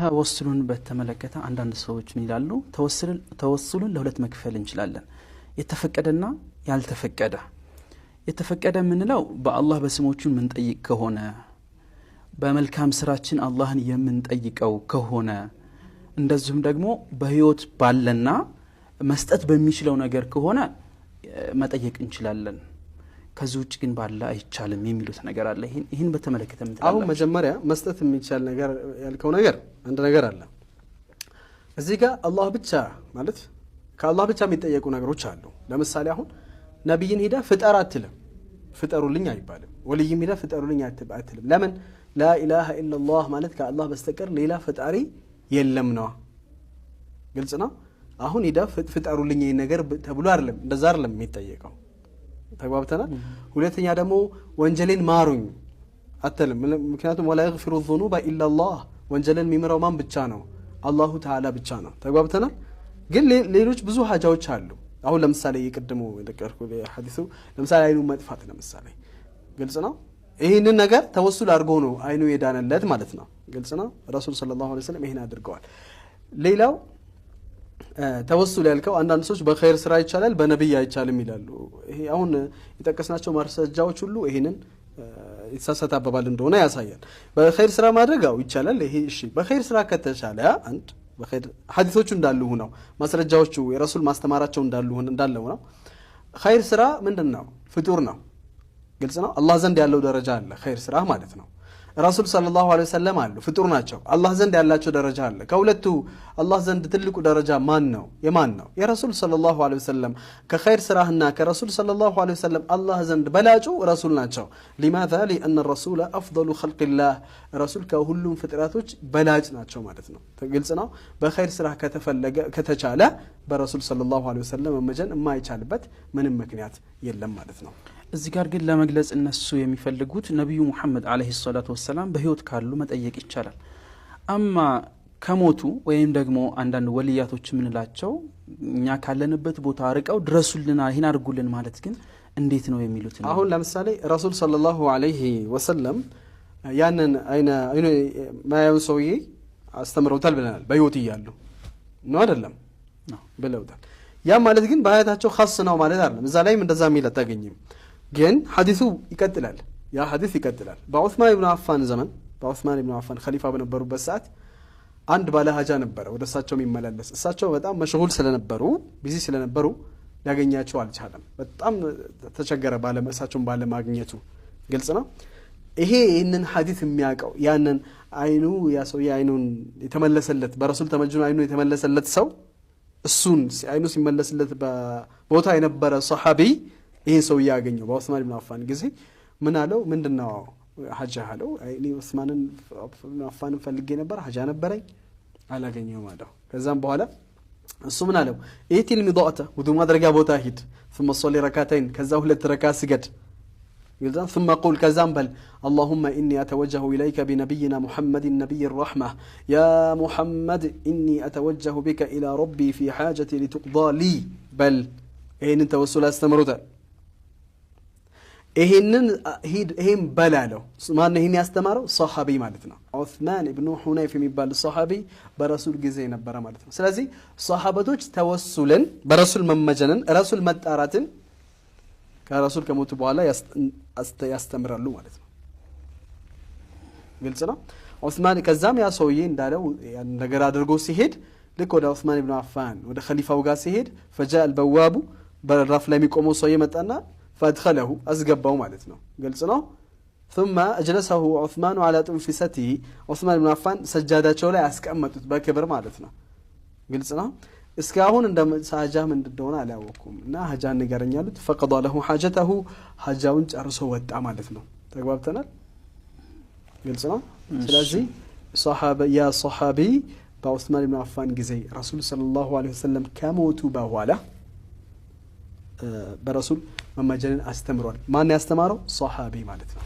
ተወስሉን በተመለከተ አንዳንድ ሰዎች ምን ይላሉ? ተወስሉን ለሁለት መክፈል እንችላለን፣ የተፈቀደና ያልተፈቀደ። የተፈቀደ የምንለው በአላህ በስሞቹን የምንጠይቅ ከሆነ በመልካም ስራችን አላህን የምንጠይቀው ከሆነ እንደዚሁም ደግሞ በህይወት ባለና መስጠት በሚችለው ነገር ከሆነ መጠየቅ እንችላለን። ከዚህ ውጭ ግን ባለ አይቻልም የሚሉት ነገር አለ። ይህን በተመለከተ አሁን መጀመሪያ መስጠት የሚቻል ነገር ያልከው ነገር አንድ ነገር አለ እዚህ ጋር አላህ ብቻ ማለት ከአላህ ብቻ የሚጠየቁ ነገሮች አሉ። ለምሳሌ አሁን ነቢይን ሄደ ፍጠር አትልም፣ ፍጠሩልኝ አይባልም። ወልይም ሂዳ ፍጠሩልኝ አትልም። ለምን? ላኢላሃ ኢላላህ ማለት ከአላህ በስተቀር ሌላ ፈጣሪ የለም ነዋ። ግልጽ ነው። አሁን ሂዳ ፍጠሩልኝ ነገር ተብሎ አይደለም፣ እንደዛ አይደለም የሚጠየቀው ተግባብተናል። ሁለተኛ ደግሞ ወንጀሌን ማሩኝ አትልም። ምክንያቱም ወላ የግፊሩ ዙኑበ ኢላላህ ወንጀልን የሚምረው ማን ብቻ ነው? አላሁ ተዓላ ብቻ ነው። ተግባብተናል። ግን ሌሎች ብዙ ሀጃዎች አሉ። አሁን ለምሳሌ የቅድሙ ሐዲሱ ለምሳሌ አይኑ መጥፋት ለምሳሌ ግልጽ ነው። ይህንን ነገር ተወሱል አድርጎ ነው አይኑ የዳነለት ማለት ነው። ግልጽ ነው። ረሱል ሰለላሁ ዐለይሂ ወሰለም ይህን አድርገዋል። ሌላው ተወሱል ያልከው አንዳንድ ሰዎች በኸይር ስራ ይቻላል በነቢይ አይቻልም ይላሉ። ይሄ አሁን የጠቀስናቸው ማስረጃዎች ሁሉ ይህንን የተሳሳተ አባባል እንደሆነ ያሳያል። በኸይር ስራ ማድረግ አዎ ይቻላል። ይሄ እሺ፣ በኸይር ስራ ከተቻለ አንድ ሀዲቶቹ እንዳሉ ነው፣ ማስረጃዎቹ የረሱል ማስተማራቸው እንዳለው ነው። ኸይር ስራ ምንድን ነው? ፍጡር ነው፣ ግልጽ ነው። አላህ ዘንድ ያለው ደረጃ አለ፣ ኸይር ስራ ማለት ነው። ረሱል ሰለላሁ ዐለይሂ ወሰለም አሉ። ፍጡር ናቸው። አላህ ዘንድ ያላቸው ደረጃ አለ። ከሁለቱ አላህ ዘንድ ትልቁ ደረጃ ማን ነው? የማን ነው? የረሱል ሰለላሁ ዐለይሂ ወሰለም። ከኸይር ስራህና ከረሱል ሰለላሁ ዐለይሂ ወሰለም አላህ ዘንድ በላጩ ረሱል ናቸው። ሊማ ሊአነ ረሱለ አፍደሉ ኸልቂላህ፣ ረሱል ከሁሉም ፍጥረቶች በላጭ ናቸው ማለት ነው። ግልጽ ነው። በኸይር ስራ ከተፈለገ ከተቻለ በረሱል ሰለላሁ ዐለይሂ ወሰለም መመጀን የማይቻልበት ምንም ምክንያት የለም ማለት ነው። እዚህ ጋር ግን ለመግለጽ እነሱ የሚፈልጉት ነቢዩ ሙሐመድ አለህ ሰላቱ ወሰላም በህይወት ካሉ መጠየቅ ይቻላል። አማ ከሞቱ ወይም ደግሞ አንዳንድ ወልያቶች የምንላቸው እኛ ካለንበት ቦታ ርቀው ድረሱልና ይህን አድርጉልን ማለት ግን እንዴት ነው የሚሉት? አሁን ለምሳሌ ረሱል ሰለላሁ ዓለይሂ ወሰለም ያንን ማያዩን ሰውዬ አስተምረውታል ብለናል። በህይወት እያሉ ነው አደለም ብለውታል። ያም ማለት ግን በሀያታቸው ካስ ነው ማለት አለም እዛ ላይም እንደዛ የሚል አታገኝም። ግን ሀዲሱ ይቀጥላል። ያ ሀዲስ ይቀጥላል። በዑስማን ብን አፋን ዘመን በዑስማን ብን አፋን ከሊፋ በነበሩበት ሰዓት አንድ ባለሀጃ ነበረ ወደ እሳቸው የሚመላለስ። እሳቸው በጣም መሽጉል ስለነበሩ ቢዚ ስለነበሩ ሊያገኛቸው አልቻለም። በጣም ተቸገረ እሳቸውን ባለማግኘቱ። ግልጽ ነው። ይሄ ይህንን ሀዲት የሚያውቀው ያንን አይኑ ያ አይኑን የተመለሰለት በረሱል ተመጅኑ አይኑ የተመለሰለት ሰው እሱን አይኑ ሲመለስለት ቦታ የነበረ ሰሓቢይ ይህን ሰው እያገኘው በኦስማን ብን አፋን ጊዜ ምን አለው? ምንድን ነው ሀጃ አለው። እኔ ኦስማንን አፋንን ፈልጌ ነበር፣ ሀጃ ነበረኝ፣ አላገኘውም አለው። ከዛም በኋላ እሱ ምን አለው? ኢቲል ሚዳእተ ውዱ ማድረጊያ ቦታ ሂድ፣ ثم صلي ركعتين كذا ሁለት ረካ سجد يلزم ثم كذا كزنبل اللهم إني أتوجه إليك بنبينا محمد النبي الرحمة يا محمد إني أتوجه بك إلى ربي في حاجتي لتقضى لي بل إن توسل استمرت ይሄንን ሂድ ይሄን በላለው ማን ይሄን ያስተማረው ሰሃቢ ማለት ነው። ዑስማን ኢብኑ ሁነይፍ የሚባል ሰሃቢ በረሱል ጊዜ ነበረ ማለት ነው። ስለዚህ ሰሃበቶች ተወሱልን፣ በረሱል መመጀንን፣ ረሱል መጣራትን ከረሱል ከሞቱ በኋላ ያስተምራሉ ማለት ነው። ግልጽ ነው። ዑስማን ከዛም ያ ሰውዬ እንዳለው ነገር አድርጎ ሲሄድ ልክ ወደ ዑስማን ኢብኑ አፋን ወደ ኸሊፋው ጋር ሲሄድ ፈጃ አልበዋቡ በራፍ ላይ የሚቆመው ሰውዬ መጣና ፈአድኸለሁ አስገባው ማለት ነው። ግልጽ ነው። ثم أجلسه عثمان على تنفسته ዑስማን ብን አፋን ሰጃዳቸው ላይ አስቀመጡት በክብር ማለት ነው። ግልጽ ነው። እስካሁን እንደ ሀጃ እንደሆነ አላወኩም እና ሀጃ ንገረኝ አሉት። ፈቀዷ ለሁ ሐጀተሁ ሀጃውን ጨርሶ ወጣ ማለት ነው። ተግባብተናል። ግልጽ ነው። ስለዚህ ያ ሰሓቢ በዑስማን ብን አፋን ጊዜ ረሱል ሰለላሁ ዐለይሂ ወሰለም ከሞቱ በኋላ በረሱል መመጀንን አስተምሯል። ማን ያስተማረው? ሶሓቢ ማለት ነው።